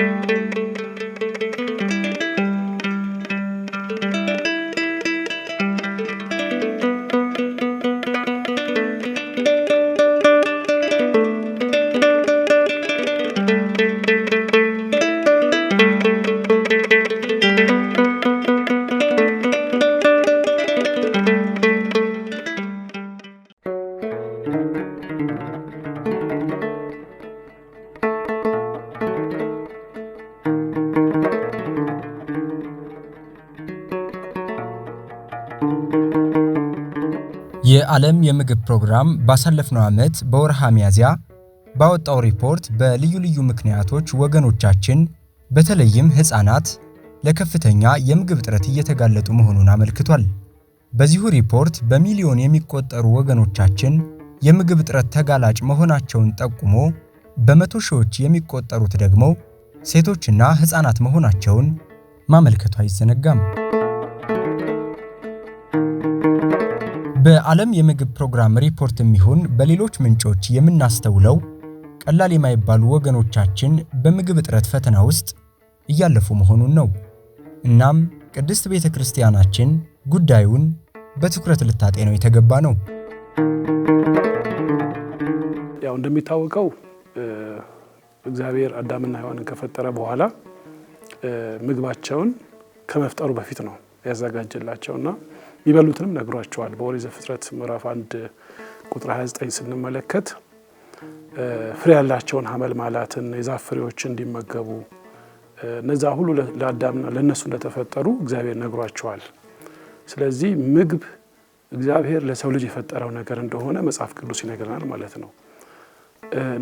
Música የዓለም የምግብ ፕሮግራም ባሳለፍነው ዓመት በወርሃ ሚያዝያ ባወጣው ሪፖርት በልዩ ልዩ ምክንያቶች ወገኖቻችን በተለይም ሕፃናት ለከፍተኛ የምግብ እጥረት እየተጋለጡ መሆኑን አመልክቷል። በዚሁ ሪፖርት በሚሊዮን የሚቆጠሩ ወገኖቻችን የምግብ እጥረት ተጋላጭ መሆናቸውን ጠቁሞ በመቶ ሺዎች የሚቆጠሩት ደግሞ ሴቶችና ሕፃናት መሆናቸውን ማመልከቱ አይዘነጋም። በዓለም የምግብ ፕሮግራም ሪፖርት የሚሆን በሌሎች ምንጮች የምናስተውለው ቀላል የማይባሉ ወገኖቻችን በምግብ እጥረት ፈተና ውስጥ እያለፉ መሆኑን ነው። እናም ቅድስት ቤተ ክርስቲያናችን ጉዳዩን በትኩረት ልታጤነው የተገባ ነው። ያው እንደሚታወቀው እግዚአብሔር አዳምና ሔዋንን ከፈጠረ በኋላ ምግባቸውን ከመፍጠሩ በፊት ነው ያዘጋጀላቸውና የሚበሉትንም ነግሯቸዋል። በኦሪት ዘፍጥረት ምዕራፍ አንድ ቁጥር 29 ስንመለከት ፍሬ ያላቸውን ማላትን የዛፍ ፍሬዎች እንዲመገቡ እነዛ ሁሉ ለአዳምና ለእነሱ እንደተፈጠሩ እግዚአብሔር ነግሯቸዋል። ስለዚህ ምግብ እግዚአብሔር ለሰው ልጅ የፈጠረው ነገር እንደሆነ መጽሐፍ ቅዱስ ይነግረናል ማለት ነው።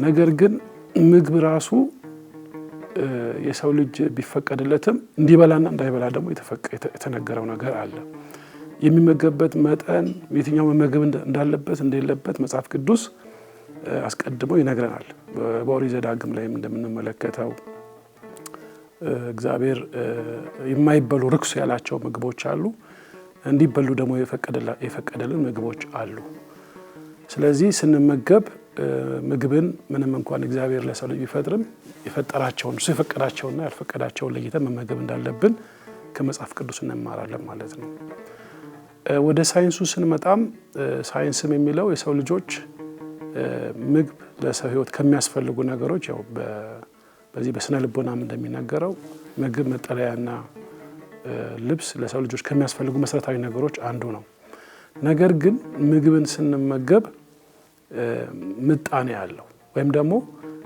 ነገር ግን ምግብ ራሱ የሰው ልጅ ቢፈቀድለትም እንዲበላና እንዳይበላ ደግሞ የተነገረው ነገር አለ። የሚመገብበት መጠን የትኛው መመገብ እንዳለበት እንደሌለበት መጽሐፍ ቅዱስ አስቀድሞ ይነግረናል። በኦሪት ዘዳግም ላይም እንደምንመለከተው እግዚአብሔር የማይበሉ ርኩስ ያላቸው ምግቦች አሉ፣ እንዲበሉ ደግሞ የፈቀደልን ምግቦች አሉ። ስለዚህ ስንመገብ ምግብን ምንም እንኳን እግዚአብሔር ለሰው ልጅ ቢፈጥርም የፈጠራቸውን እሱ የፈቀዳቸውና ያልፈቀዳቸውን ለይተን መመገብ እንዳለብን ከመጽሐፍ ቅዱስ እንማራለን ማለት ነው። ወደ ሳይንሱ ስንመጣም ሳይንስም የሚለው የሰው ልጆች ምግብ ለሰው ህይወት ከሚያስፈልጉ ነገሮች ያው በዚህ በስነ ልቦናም እንደሚነገረው ምግብ፣ መጠለያና ልብስ ለሰው ልጆች ከሚያስፈልጉ መሰረታዊ ነገሮች አንዱ ነው። ነገር ግን ምግብን ስንመገብ ምጣኔ አለው ወይም ደግሞ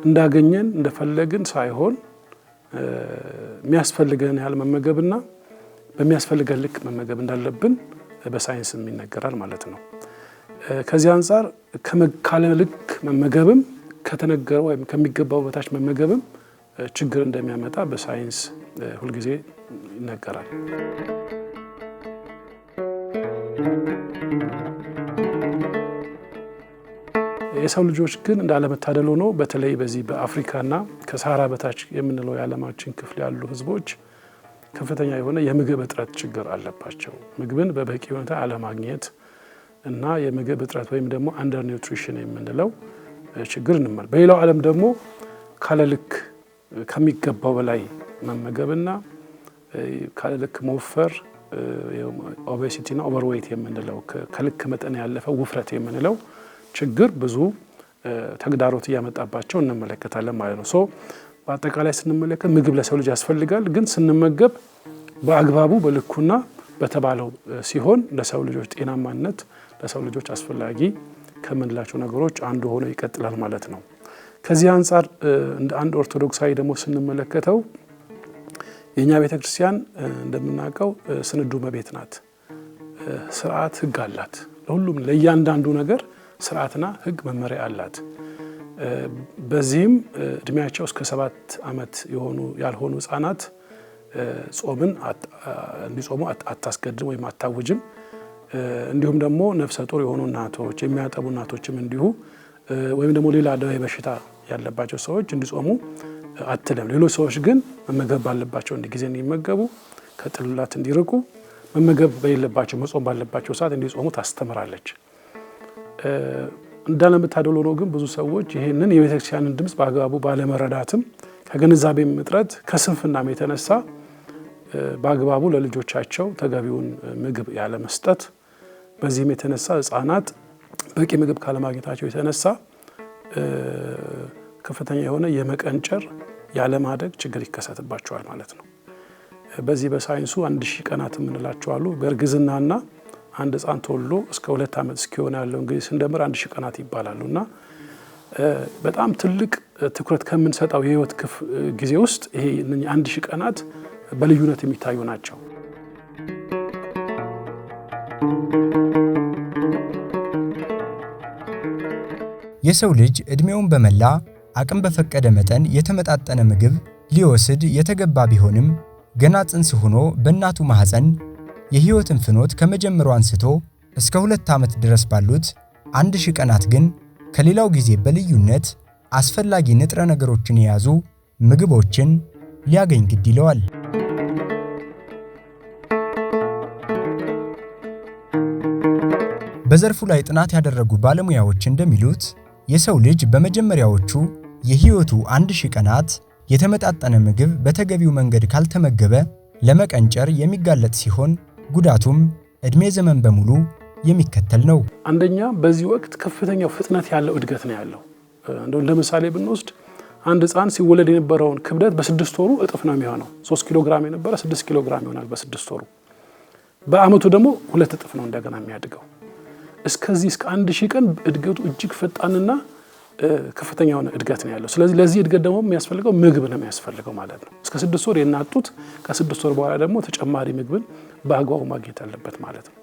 እንዳገኘን እንደፈለግን ሳይሆን የሚያስፈልገን ያህል መመገብና በሚያስፈልገን ልክ መመገብ እንዳለብን በሳይንስም ይነገራል ማለት ነው። ከዚህ አንጻር ካለ ልክ መመገብም ከተነገረው ወይም ከሚገባው በታች መመገብም ችግር እንደሚያመጣ በሳይንስ ሁልጊዜ ይነገራል። የሰው ልጆች ግን እንዳለመታደል ሆኖ በተለይ በዚህ በአፍሪካና ከሳራ በታች የምንለው የዓለማችን ክፍል ያሉ ህዝቦች ከፍተኛ የሆነ የምግብ እጥረት ችግር አለባቸው። ምግብን በበቂ ሁኔታ አለማግኘት እና የምግብ እጥረት ወይም ደግሞ አንደር ኒውትሪሽን የምንለው ችግር እንመል። በሌላው ዓለም ደግሞ ካለልክ ከሚገባው በላይ መመገብና ካለልክ መወፈር ኦቤሲቲና ኦቨርዌይት የምንለው ከልክ መጠን ያለፈ ውፍረት የምንለው ችግር ብዙ ተግዳሮት እያመጣባቸው እንመለከታለን ማለት ነው። በአጠቃላይ ስንመለከት ምግብ ለሰው ልጅ ያስፈልጋል፣ ግን ስንመገብ በአግባቡ በልኩና በተባለው ሲሆን ለሰው ልጆች ጤናማነት ለሰው ልጆች አስፈላጊ ከምንላቸው ነገሮች አንዱ ሆኖ ይቀጥላል ማለት ነው። ከዚህ አንጻር እንደ አንድ ኦርቶዶክሳዊ ደግሞ ስንመለከተው የእኛ ቤተ ክርስቲያን እንደምናውቀው ስንዱ መቤት ናት። ስርዓት ህግ አላት። ለሁሉም ለእያንዳንዱ ነገር ስርዓትና ህግ መመሪያ አላት። በዚህም እድሜያቸው እስከ ሰባት ዓመት የሆኑ ያልሆኑ ህጻናት ጾምን እንዲጾሙ አታስገድም ወይም አታውጅም። እንዲሁም ደግሞ ነፍሰ ጡር የሆኑ እናቶች፣ የሚያጠቡ እናቶችም እንዲሁ ወይም ደግሞ ሌላ ደዌ በሽታ ያለባቸው ሰዎች እንዲጾሙ አትልም። ሌሎች ሰዎች ግን መመገብ ባለባቸው እንዲ ጊዜ እንዲመገቡ፣ ከጥሉላት እንዲርቁ፣ መመገብ በሌለባቸው መጾም ባለባቸው ሰዓት እንዲጾሙ ታስተምራለች። እንዳለመታደል ሆኖ ግን ብዙ ሰዎች ይህንን የቤተክርስቲያንን ድምፅ በአግባቡ ባለመረዳትም ከግንዛቤም እጥረት ከስንፍናም የተነሳ በአግባቡ ለልጆቻቸው ተገቢውን ምግብ ያለመስጠት፣ በዚህም የተነሳ ህፃናት በቂ ምግብ ካለማግኘታቸው የተነሳ ከፍተኛ የሆነ የመቀንጨር ያለማደግ ችግር ይከሰትባቸዋል ማለት ነው። በዚህ በሳይንሱ አንድ ሺህ ቀናት የምንላቸው አሉ በእርግዝናና አንድ ህፃን ተወልዶ እስከ ሁለት ዓመት እስኪሆን ያለው እንግዲህ ስንደምር አንድ ሽቀናት ቀናት ይባላሉ እና በጣም ትልቅ ትኩረት ከምንሰጠው የህይወት ክፍ ጊዜ ውስጥ ይሄ አንድ ሽቀናት ቀናት በልዩነት የሚታዩ ናቸው። የሰው ልጅ ዕድሜውን በመላ አቅም በፈቀደ መጠን የተመጣጠነ ምግብ ሊወስድ የተገባ ቢሆንም ገና ጽንስ ሆኖ በእናቱ ማህፀን የሕይወትን ፍኖት ከመጀመሩ አንስቶ እስከ ሁለት ዓመት ድረስ ባሉት አንድ ሺህ ቀናት ግን ከሌላው ጊዜ በልዩነት አስፈላጊ ንጥረ ነገሮችን የያዙ ምግቦችን ሊያገኝ ግድ ይለዋል። በዘርፉ ላይ ጥናት ያደረጉ ባለሙያዎች እንደሚሉት የሰው ልጅ በመጀመሪያዎቹ የሕይወቱ አንድ ሺህ ቀናት የተመጣጠነ ምግብ በተገቢው መንገድ ካልተመገበ ለመቀንጨር የሚጋለጥ ሲሆን ጉዳቱም እድሜ ዘመን በሙሉ የሚከተል ነው። አንደኛ በዚህ ወቅት ከፍተኛ ፍጥነት ያለው እድገት ነው ያለው። እንደው እንደ ምሳሌ ብንወስድ አንድ ህፃን ሲወለድ የነበረውን ክብደት በስድስት ወሩ እጥፍ ነው የሚሆነው። ሶስት ኪሎ ግራም የነበረ ስድስት ኪሎ ግራም ይሆናል በስድስት ወሩ። በአመቱ ደግሞ ሁለት እጥፍ ነው እንደገና የሚያድገው። እስከዚህ እስከ አንድ ሺህ ቀን እድገቱ እጅግ ፈጣንና ከፍተኛ የሆነ እድገት ነው ያለው። ስለዚህ ለዚህ እድገት ደግሞ የሚያስፈልገው ምግብ ነው የሚያስፈልገው ማለት ነው። እስከ ስድስት ወር የናጡት ከስድስት ወር በኋላ ደግሞ ተጨማሪ ምግብን በአግባቡ ማግኘት አለበት ማለት ነው።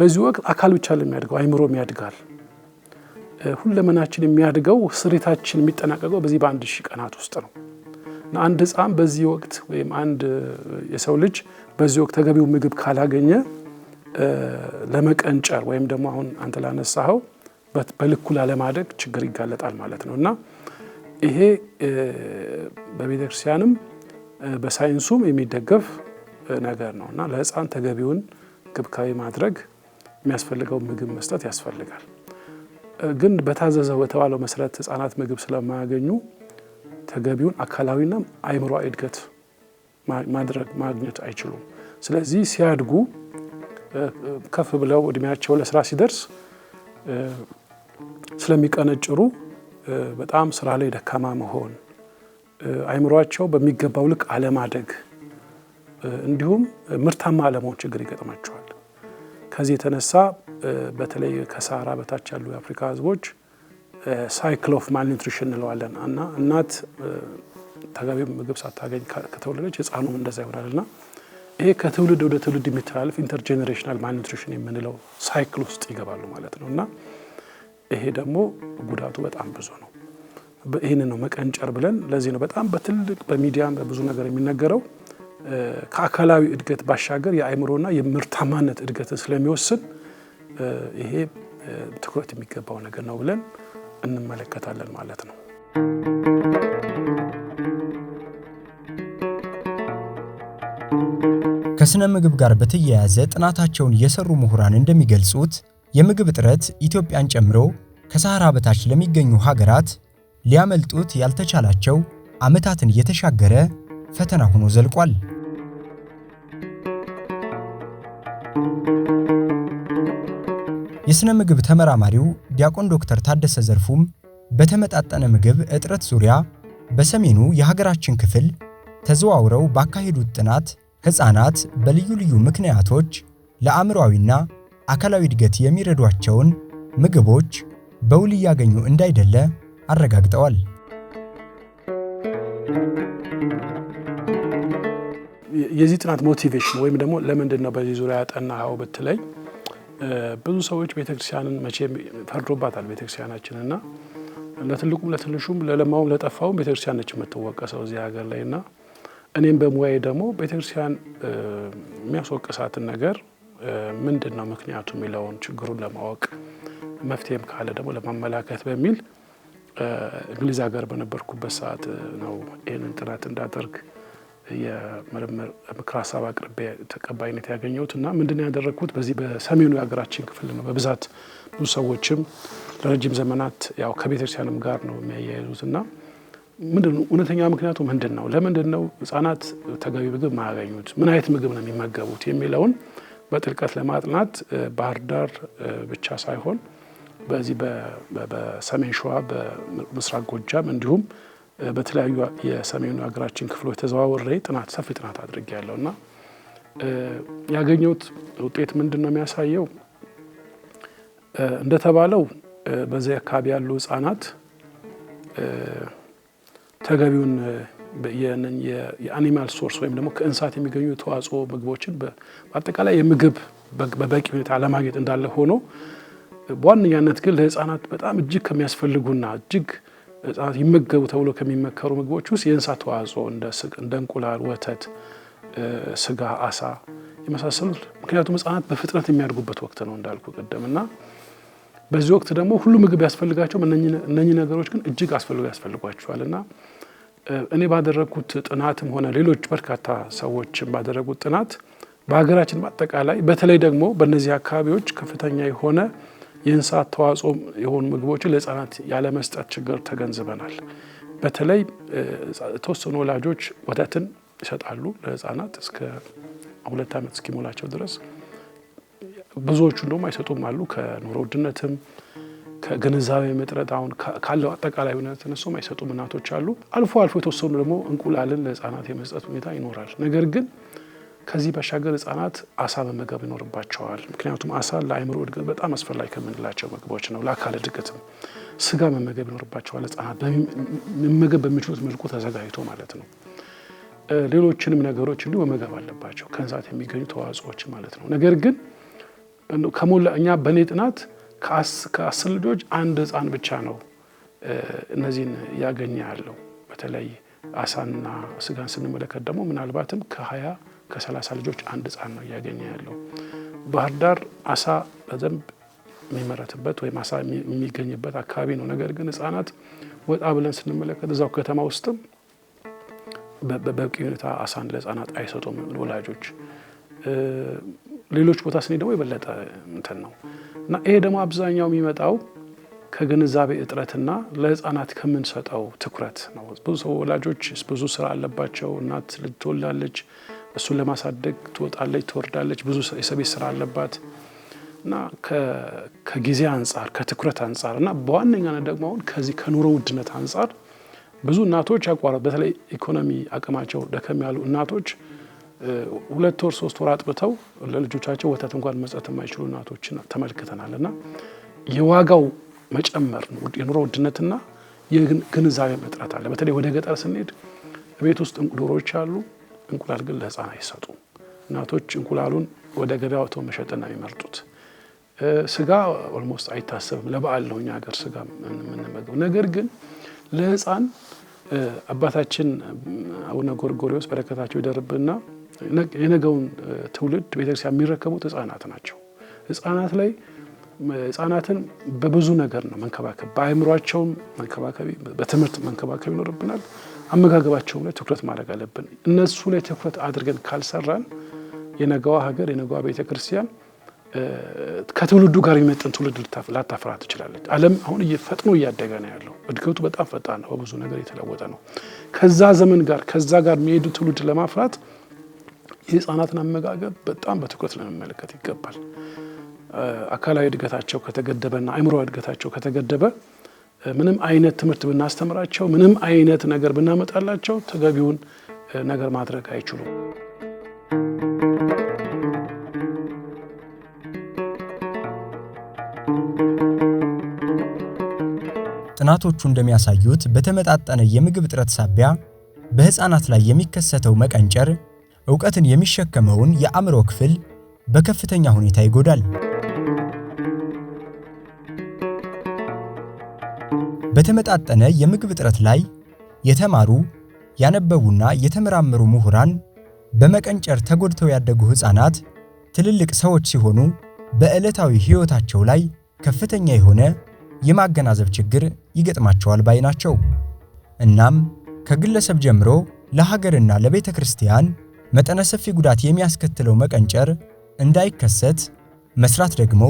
በዚህ ወቅት አካል ብቻ ለሚያድገው አይምሮም ያድጋል። ሁለመናችን የሚያድገው ስሬታችን የሚጠናቀቀው በዚህ በአንድ ሺህ ቀናት ውስጥ ነው እና አንድ ሕፃን በዚህ ወቅት ወይም አንድ የሰው ልጅ በዚህ ወቅት ተገቢው ምግብ ካላገኘ ለመቀንጨር ወይም ደግሞ አሁን አንተ ላነሳኸው በልኩ ላለማደግ ችግር ይጋለጣል ማለት ነው እና ይሄ በቤተክርስቲያንም በሳይንሱም የሚደገፍ ነገር ነው እና ለህፃን ተገቢውን ክብካቤ ማድረግ የሚያስፈልገው ምግብ መስጠት ያስፈልጋል። ግን በታዘዘው በተባለው መሰረት ህፃናት ምግብ ስለማያገኙ ተገቢውን አካላዊና አይምሮ እድገት ማድረግ ማግኘት አይችሉም። ስለዚህ ሲያድጉ ከፍ ብለው እድሜያቸው ለስራ ሲደርስ ስለሚቀነጭሩ በጣም ስራ ላይ ደካማ መሆን፣ አይምሯቸው በሚገባው ልክ አለማደግ እንዲሁም ምርታማ አለማው ችግር ይገጥማቸዋል። ከዚህ የተነሳ በተለይ ከሳህራ በታች ያሉ የአፍሪካ ህዝቦች ሳይክል ኦፍ ማልኒትሪሽን እንለዋለን እና እናት ተገቢ ምግብ ሳታገኝ ከተወለደች ህፃኑም እንደዛ ይሆናል እና ይሄ ከትውልድ ወደ ትውልድ የሚተላለፍ ኢንተርጀኔሬሽናል ማልኒትሪሽን የምንለው ሳይክል ውስጥ ይገባሉ ማለት ነው እና ይሄ ደግሞ ጉዳቱ በጣም ብዙ ነው። ይህን ነው መቀንጨር ብለን ለዚህ ነው በጣም በትልቅ በሚዲያም በብዙ ነገር የሚነገረው ከአካላዊ እድገት ባሻገር የአእምሮና የምርታማነት እድገትን ስለሚወስን ይሄ ትኩረት የሚገባው ነገር ነው ብለን እንመለከታለን ማለት ነው። ከስነ ምግብ ጋር በተያያዘ ጥናታቸውን የሰሩ ምሁራን እንደሚገልጹት የምግብ እጥረት ኢትዮጵያን ጨምሮ ከሳህራ በታች ለሚገኙ ሀገራት ሊያመልጡት ያልተቻላቸው ዓመታትን የተሻገረ ፈተና ሆኖ ዘልቋል። የሥነ ምግብ ተመራማሪው ዲያቆን ዶክተር ታደሰ ዘርፉም በተመጣጠነ ምግብ እጥረት ዙሪያ በሰሜኑ የሀገራችን ክፍል ተዘዋውረው ባካሄዱት ጥናት ሕፃናት በልዩ ልዩ ምክንያቶች ለአእምሯዊና አካላዊ እድገት የሚረዷቸውን ምግቦች በውል እያገኙ እንዳይደለ አረጋግጠዋል። የዚህ ጥናት ሞቲቬሽን ወይም ደግሞ ለምንድን ነው በዚህ ዙሪያ ያጠናኸው ብትለኝ ብዙ ሰዎች ቤተክርስቲያንን መቼም ፈርዶባታል ቤተክርስቲያናችን እና ለትልቁም ለትንሹም ለለማውም ለጠፋውም ቤተክርስቲያን ነች የምትወቀሰው እዚህ ሀገር ላይ እና እኔም በሙያዬ ደግሞ ቤተክርስቲያን የሚያስወቅሳትን ነገር ምንድን ነው ምክንያቱ የሚለውን ችግሩን ለማወቅ መፍትሄም ካለ ደግሞ ለማመላከት በሚል እንግሊዝ ሀገር በነበርኩበት ሰዓት ነው ይህንን ጥናት እንዳደርግ የምርምር ምክር ሀሳብ አቅርቤ ተቀባይነት ያገኘሁት እና ምንድነው ያደረግኩት በዚህ በሰሜኑ የሀገራችን ክፍል ነው በብዛት ብዙ ሰዎችም ለረጅም ዘመናት ያው ከቤተክርስቲያንም ጋር ነው የሚያያይዙት እና ምንድን ነው እውነተኛ ምክንያቱ ምንድን ነው? ለምንድን ነው ህጻናት ተገቢ ምግብ ማያገኙት? ምን አይነት ምግብ ነው የሚመገቡት የሚለውን በጥልቀት ለማጥናት ባህር ዳር ብቻ ሳይሆን በዚህ በሰሜን ሸዋ፣ በምስራቅ ጎጃም እንዲሁም በተለያዩ የሰሜኑ ሀገራችን ክፍሎች ተዘዋውሬ ጥናት ሰፊ ጥናት ያለው እና ያገኘሁት ውጤት ምንድን ነው የሚያሳየው? እንደተባለው በዚህ አካባቢ ያሉ ህጻናት ተገቢውን የአኒማል ሶርስ ወይም ደግሞ ከእንስሳት የሚገኙ የተዋጽኦ ምግቦችን በአጠቃላይ የምግብ በበቂ ሁኔታ አለማግኘት እንዳለ ሆኖ በዋነኛነት ግን ለህፃናት በጣም እጅግ ከሚያስፈልጉና እጅግ ህጻናት ይመገቡ ተብሎ ከሚመከሩ ምግቦች ውስጥ የእንስሳት ተዋጽኦ እንደ እንቁላል፣ ወተት፣ ስጋ፣ አሳ የመሳሰሉት ምክንያቱም ህጻናት በፍጥነት የሚያድጉበት ወቅት ነው እንዳልኩ ቅድም እና በዚህ ወቅት ደግሞ ሁሉ ምግብ ያስፈልጋቸውም እነኚህ ነገሮች ግን እጅግ አስፈልጎ ያስፈልጓቸዋል እና እኔ ባደረግኩት ጥናትም ሆነ ሌሎች በርካታ ሰዎችም ባደረጉት ጥናት በሀገራችን በአጠቃላይ በተለይ ደግሞ በእነዚህ አካባቢዎች ከፍተኛ የሆነ የእንስሳት ተዋጽኦ የሆኑ ምግቦችን ለህፃናት ያለመስጠት ችግር ተገንዝበናል። በተለይ የተወሰኑ ወላጆች ወተትን ይሰጣሉ ለህፃናት እስከ ሁለት ዓመት እስኪሞላቸው ድረስ። ብዙዎቹ ደግሞ አይሰጡም አሉ። ከኑሮ ውድነትም ከግንዛቤ መጥረት አሁን ካለው አጠቃላይ ሁኔታ ተነሶ አይሰጡም እናቶች አሉ። አልፎ አልፎ የተወሰኑ ደግሞ እንቁላልን ለህፃናት የመስጠት ሁኔታ ይኖራል። ነገር ግን ከዚህ ባሻገር ህጻናት አሳ መመገብ ይኖርባቸዋል። ምክንያቱም አሳ ለአይምሮ እድገት በጣም አስፈላጊ ከምንላቸው ምግቦች ነው። ለአካል እድገትም ስጋ መመገብ ይኖርባቸዋል። ህጻናት መመገብ በሚችሉት መልኩ ተዘጋጅቶ ማለት ነው። ሌሎችንም ነገሮች እንዲሁ መመገብ አለባቸው፣ ከእንስሳት የሚገኙ ተዋጽኦዎች ማለት ነው። ነገር ግን ከሞላ እኛ በእኔ ጥናት ከአስር ልጆች አንድ ህፃን ብቻ ነው እነዚህን ያገኘ ያለው። በተለይ አሳና ስጋን ስንመለከት ደግሞ ምናልባትም ከሀያ ከሰላሳ ልጆች አንድ ህፃን ነው እያገኘ ያለው። ባህር ዳር አሳ በደንብ የሚመረትበት ወይም አሳ የሚገኝበት አካባቢ ነው። ነገር ግን ህጻናት ወጣ ብለን ስንመለከት እዛው ከተማ ውስጥም በበቂ ሁኔታ አሳን ለህጻናት አይሰጡም ወላጆች። ሌሎች ቦታ ስኔ ደግሞ የበለጠ እንትን ነው እና ይሄ ደግሞ አብዛኛው የሚመጣው ከግንዛቤ እጥረትና ለህፃናት ከምንሰጠው ትኩረት ነው። ብዙ ሰው ወላጆች ብዙ ስራ አለባቸው። እናት ልትወላለች እሱን ለማሳደግ ትወጣለች፣ ትወርዳለች፣ ብዙ የቤት ስራ አለባት እና ከጊዜ አንጻር ከትኩረት አንጻር እና በዋነኛነት ደግሞ አሁን ከዚህ ከኑሮ ውድነት አንጻር ብዙ እናቶች ያቋረጥ በተለይ ኢኮኖሚ አቅማቸው ደከም ያሉ እናቶች ሁለት ወር ሶስት ወር አጥብተው ለልጆቻቸው ወተት እንኳን መስጠት የማይችሉ እናቶች ተመልክተናል። እና የዋጋው መጨመር የኑሮ ውድነትና የግንዛቤ መጥረት አለ። በተለይ ወደ ገጠር ስንሄድ ቤት ውስጥ ዶሮዎች አሉ። እንቁላል ግን ለህፃን አይሰጡ። እናቶች እንቁላሉን ወደ ገበያ ወጥተው መሸጥና የሚመርጡት ስጋ ኦልሞስት አይታሰብም። ለበዓል ነው እኛ ሀገር ስጋ የምንመገቡ። ነገር ግን ለህፃን አባታችን አቡነ ጎርጎሪዎስ በረከታቸው ይደርብና የነገውን ትውልድ ቤተክርስቲያን የሚረከቡት ህፃናት ናቸው። ህፃናት ላይ ህፃናትን በብዙ ነገር ነው መንከባከብ፣ በአእምሯቸውም መንከባከቢ፣ በትምህርት መንከባከብ ይኖርብናል። አመጋገባቸውም ላይ ትኩረት ማድረግ አለብን። እነሱ ላይ ትኩረት አድርገን ካልሰራን የነገዋ ሀገር የነገዋ ቤተ ክርስቲያን ከትውልዱ ጋር የሚመጥን ትውልድ ላታፈራ ትችላለች። ዓለም አሁን ፈጥኖ እያደገ ነው ያለው። እድገቱ በጣም ፈጣን ነው፣ በብዙ ነገር የተለወጠ ነው። ከዛ ዘመን ጋር ከዛ ጋር የሚሄዱ ትውልድ ለማፍራት የህፃናትን አመጋገብ በጣም በትኩረት ለመመለከት ይገባል። አካላዊ እድገታቸው ከተገደበና አእምሮዊ እድገታቸው ከተገደበ ምንም አይነት ትምህርት ብናስተምራቸው፣ ምንም አይነት ነገር ብናመጣላቸው ተገቢውን ነገር ማድረግ አይችሉም። ጥናቶቹ እንደሚያሳዩት በተመጣጠነ የምግብ እጥረት ሳቢያ በሕፃናት ላይ የሚከሰተው መቀንጨር እውቀትን የሚሸከመውን የአእምሮ ክፍል በከፍተኛ ሁኔታ ይጎዳል። በተመጣጠነ የምግብ እጥረት ላይ የተማሩ ያነበቡና የተመራመሩ ምሁራን በመቀንጨር ተጎድተው ያደጉ ሕፃናት ትልልቅ ሰዎች ሲሆኑ በዕለታዊ ሕይወታቸው ላይ ከፍተኛ የሆነ የማገናዘብ ችግር ይገጥማቸዋል ባይ ናቸው። እናም ከግለሰብ ጀምሮ ለሀገርና ለቤተ ክርስቲያን መጠነ ሰፊ ጉዳት የሚያስከትለው መቀንጨር እንዳይከሰት መስራት ደግሞ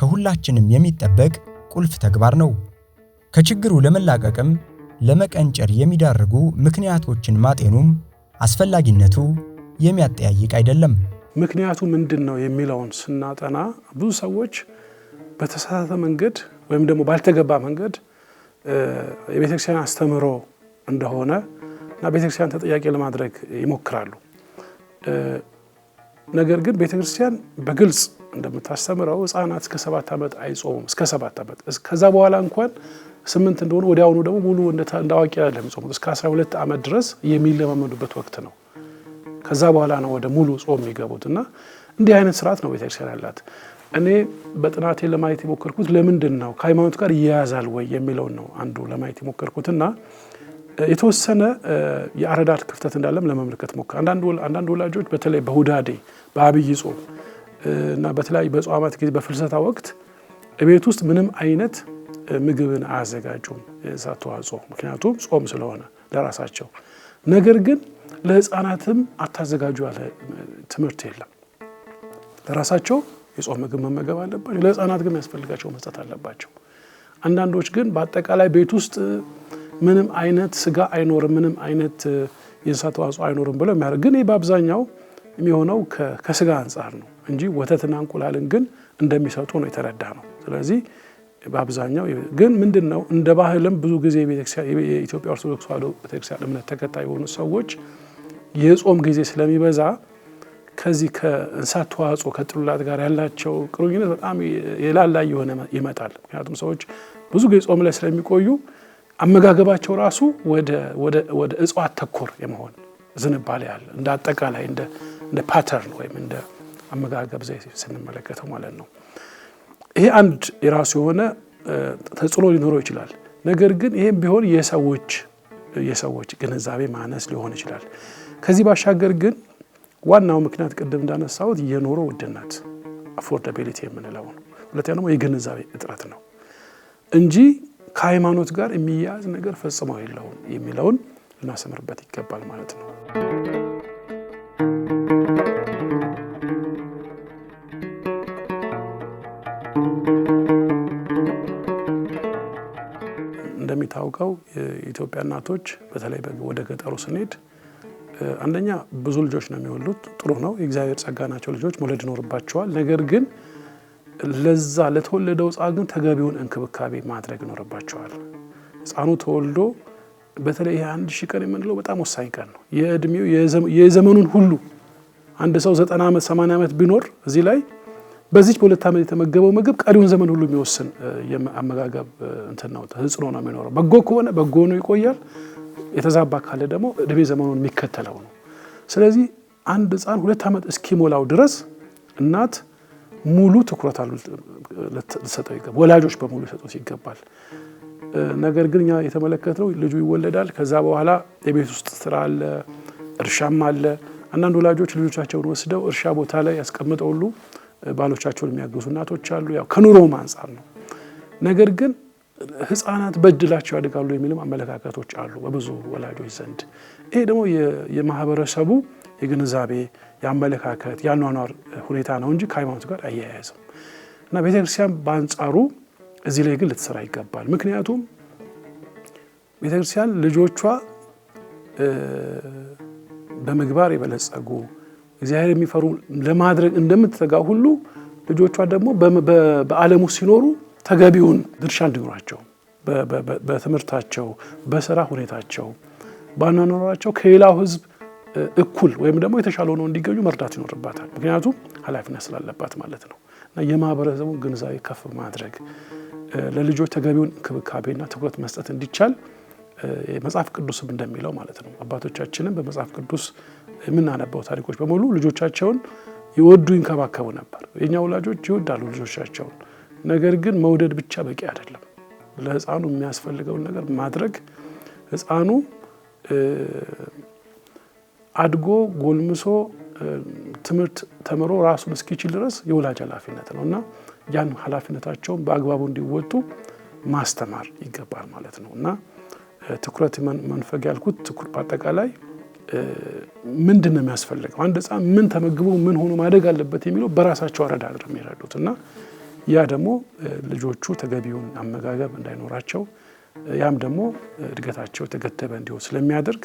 ከሁላችንም የሚጠበቅ ቁልፍ ተግባር ነው። ከችግሩ ለመላቀቅም ለመቀንጨር የሚዳርጉ ምክንያቶችን ማጤኑም አስፈላጊነቱ የሚያጠያይቅ አይደለም። ምክንያቱ ምንድን ነው የሚለውን ስናጠና ብዙ ሰዎች በተሳሳተ መንገድ ወይም ደግሞ ባልተገባ መንገድ የቤተክርስቲያን አስተምህሮ እንደሆነ እና ቤተክርስቲያን ተጠያቂ ለማድረግ ይሞክራሉ። ነገር ግን ቤተክርስቲያን በግልጽ እንደምታስተምረው ህፃናት እስከ ሰባት ዓመት አይጾሙም። እስከ ሰባት ዓመት ከዛ በኋላ እንኳን ስምንት እንደሆኑ ወዲያውኑ ደግሞ ሙሉ እንዳዋቂ ያለ አይደለም እስከ 12 ዓመት ድረስ የሚለማመዱበት ወቅት ነው። ከዛ በኋላ ነው ወደ ሙሉ ጾም የሚገቡት እና እንዲህ አይነት ስርዓት ነው ቤተክርስቲያን ያላት። እኔ በጥናቴ ለማየት የሞከርኩት ለምንድን ነው ከሃይማኖት ጋር ይያያዛል ወይ የሚለውን ነው አንዱ ለማየት የሞከርኩትና የተወሰነ የአረዳድ ክፍተት እንዳለም ለመመልከት ሞከር። አንዳንድ ወላጆች በተለይ በሁዳዴ በአብይ ጾም እና በተለያዩ በጾማት ጊዜ በፍልሰታ ወቅት ቤት ውስጥ ምንም አይነት ምግብን አያዘጋጁም የእንስሳት ተዋጽኦ ምክንያቱም ጾም ስለሆነ ለራሳቸው ነገር ግን ለህፃናትም አታዘጋጁ ያለ ትምህርት የለም ለራሳቸው የጾም ምግብ መመገብ አለባቸው ለህፃናት ግን ያስፈልጋቸው መስጠት አለባቸው አንዳንዶች ግን በአጠቃላይ ቤት ውስጥ ምንም አይነት ስጋ አይኖርም ምንም አይነት የእንስሳት ተዋጽኦ አይኖርም ብለው የሚያደርግ ግን ይህ በአብዛኛው የሚሆነው ከስጋ አንጻር ነው እንጂ ወተትና እንቁላልን ግን እንደሚሰጡ ነው የተረዳ ነው ስለዚህ በአብዛኛው ግን ምንድን ነው እንደ ባህልም ብዙ ጊዜ የኢትዮጵያ ኦርቶዶክስ ዋዶ ቤተክርስቲያን እምነት ተከታይ የሆኑ ሰዎች የጾም ጊዜ ስለሚበዛ ከዚህ ከእንስሳት ተዋጽኦ ከጥሉላት ጋር ያላቸው ቅሩኝነት በጣም የላላ የሆነ ይመጣል። ምክንያቱም ሰዎች ብዙ ጊዜ ጾም ላይ ስለሚቆዩ አመጋገባቸው ራሱ ወደ እጽዋት ተኮር የመሆን ዝንባሌ ያለ እንደ አጠቃላይ እንደ ፓተርን ወይም እንደ አመጋገብ ዘይ ስንመለከተው ማለት ነው። ይሄ አንድ የራሱ የሆነ ተጽዕኖ ሊኖረው ይችላል። ነገር ግን ይህም ቢሆን የሰዎች የሰዎች ግንዛቤ ማነስ ሊሆን ይችላል። ከዚህ ባሻገር ግን ዋናው ምክንያት ቅድም እንዳነሳሁት የኑሮ ውድነት አፎርዳቢሊቲ የምንለው ነው። ሁለተኛ ደግሞ የግንዛቤ እጥረት ነው እንጂ ከሃይማኖት ጋር የሚያያዝ ነገር ፈጽመው የለውም የሚለውን ልናሰምርበት ይገባል ማለት ነው። እንደምታውቀው የኢትዮጵያ እናቶች በተለይ ወደ ገጠሩ ስንሄድ አንደኛ ብዙ ልጆች ነው የሚወሉት። ጥሩ ነው፣ የእግዚአብሔር ጸጋ ናቸው። ልጆች መውለድ ይኖርባቸዋል። ነገር ግን ለዛ ለተወለደው ሕፃን ግን ተገቢውን እንክብካቤ ማድረግ ይኖርባቸዋል። ህፃኑ ተወልዶ በተለይ ይህ አንድ ሺህ ቀን የምንለው በጣም ወሳኝ ቀን ነው። የእድሜው የዘመኑን ሁሉ አንድ ሰው ዘጠና ዓመት ሰማንያ ዓመት ቢኖር እዚህ ላይ በዚች በሁለት ዓመት የተመገበው ምግብ ቀሪውን ዘመን ሁሉ የሚወስን አመጋገብ እንትን ነው፣ ተጽዕኖ ነው የሚኖረው። በጎ ከሆነ በጎ ነው ይቆያል። የተዛባ ካለ ደግሞ እድሜ ዘመኑን የሚከተለው ነው። ስለዚህ አንድ ሕፃን ሁለት ዓመት እስኪሞላው ድረስ እናት ሙሉ ትኩረት አሉ ልትሰጠው ይገባል። ወላጆች በሙሉ ሊሰጡት ይገባል። ነገር ግን እኛ የተመለከትነው ልጁ ይወለዳል። ከዛ በኋላ የቤት ውስጥ ስራ አለ፣ እርሻም አለ። አንዳንድ ወላጆች ልጆቻቸውን ወስደው እርሻ ቦታ ላይ ያስቀምጠውሉ ባሎቻቸውን የሚያግዙ እናቶች አሉ። ያው ከኑሮውም አንጻር ነው። ነገር ግን ህፃናት በእድላቸው ያድጋሉ የሚልም አመለካከቶች አሉ በብዙ ወላጆች ዘንድ። ይሄ ደግሞ የማህበረሰቡ የግንዛቤ የአመለካከት የአኗኗር ሁኔታ ነው እንጂ ከሃይማኖት ጋር አያያዝም እና ቤተክርስቲያን በአንጻሩ እዚህ ላይ ግን ልትሰራ ይገባል። ምክንያቱም ቤተክርስቲያን ልጆቿ በምግባር የበለጸጉ እግዚአብሔር የሚፈሩ ለማድረግ እንደምትተጋ ሁሉ ልጆቿ ደግሞ በዓለሙ ሲኖሩ ተገቢውን ድርሻ እንዲኖራቸው በትምህርታቸው፣ በስራ ሁኔታቸው፣ ባናኖራቸው ከሌላው ህዝብ እኩል ወይም ደግሞ የተሻለ ሆነው እንዲገኙ መርዳት ይኖርባታል። ምክንያቱም ኃላፊነት ስላለባት ማለት ነው። እና የማህበረሰቡን ግንዛቤ ከፍ ማድረግ ለልጆች ተገቢውን እንክብካቤና ትኩረት መስጠት እንዲቻል መጽሐፍ ቅዱስም እንደሚለው ማለት ነው አባቶቻችንም በመጽሐፍ ቅዱስ የምናነባው ታሪኮች በሙሉ ልጆቻቸውን ይወዱ ይንከባከቡ ነበር። የኛ ወላጆች ይወዳሉ ልጆቻቸውን። ነገር ግን መውደድ ብቻ በቂ አይደለም። ለህፃኑ የሚያስፈልገውን ነገር ማድረግ ህፃኑ አድጎ ጎልምሶ ትምህርት ተምሮ ራሱን እስኪችል ድረስ የወላጅ ኃላፊነት ነው እና ያን ኃላፊነታቸውን በአግባቡ እንዲወጡ ማስተማር ይገባል ማለት ነው እና ትኩረት መንፈግ ያልኩት በአጠቃላይ ምንድን ነው የሚያስፈልገው፣ አንድ ህፃን ምን ተመግቦ ምን ሆኖ ማደግ አለበት የሚለው በራሳቸው አረዳ ነው የሚረዱት እና ያ ደግሞ ልጆቹ ተገቢውን አመጋገብ እንዳይኖራቸው ያም ደግሞ እድገታቸው የተገተበ እንዲሆን ስለሚያደርግ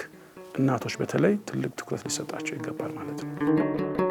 እናቶች በተለይ ትልቅ ትኩረት ሊሰጣቸው ይገባል ማለት ነው።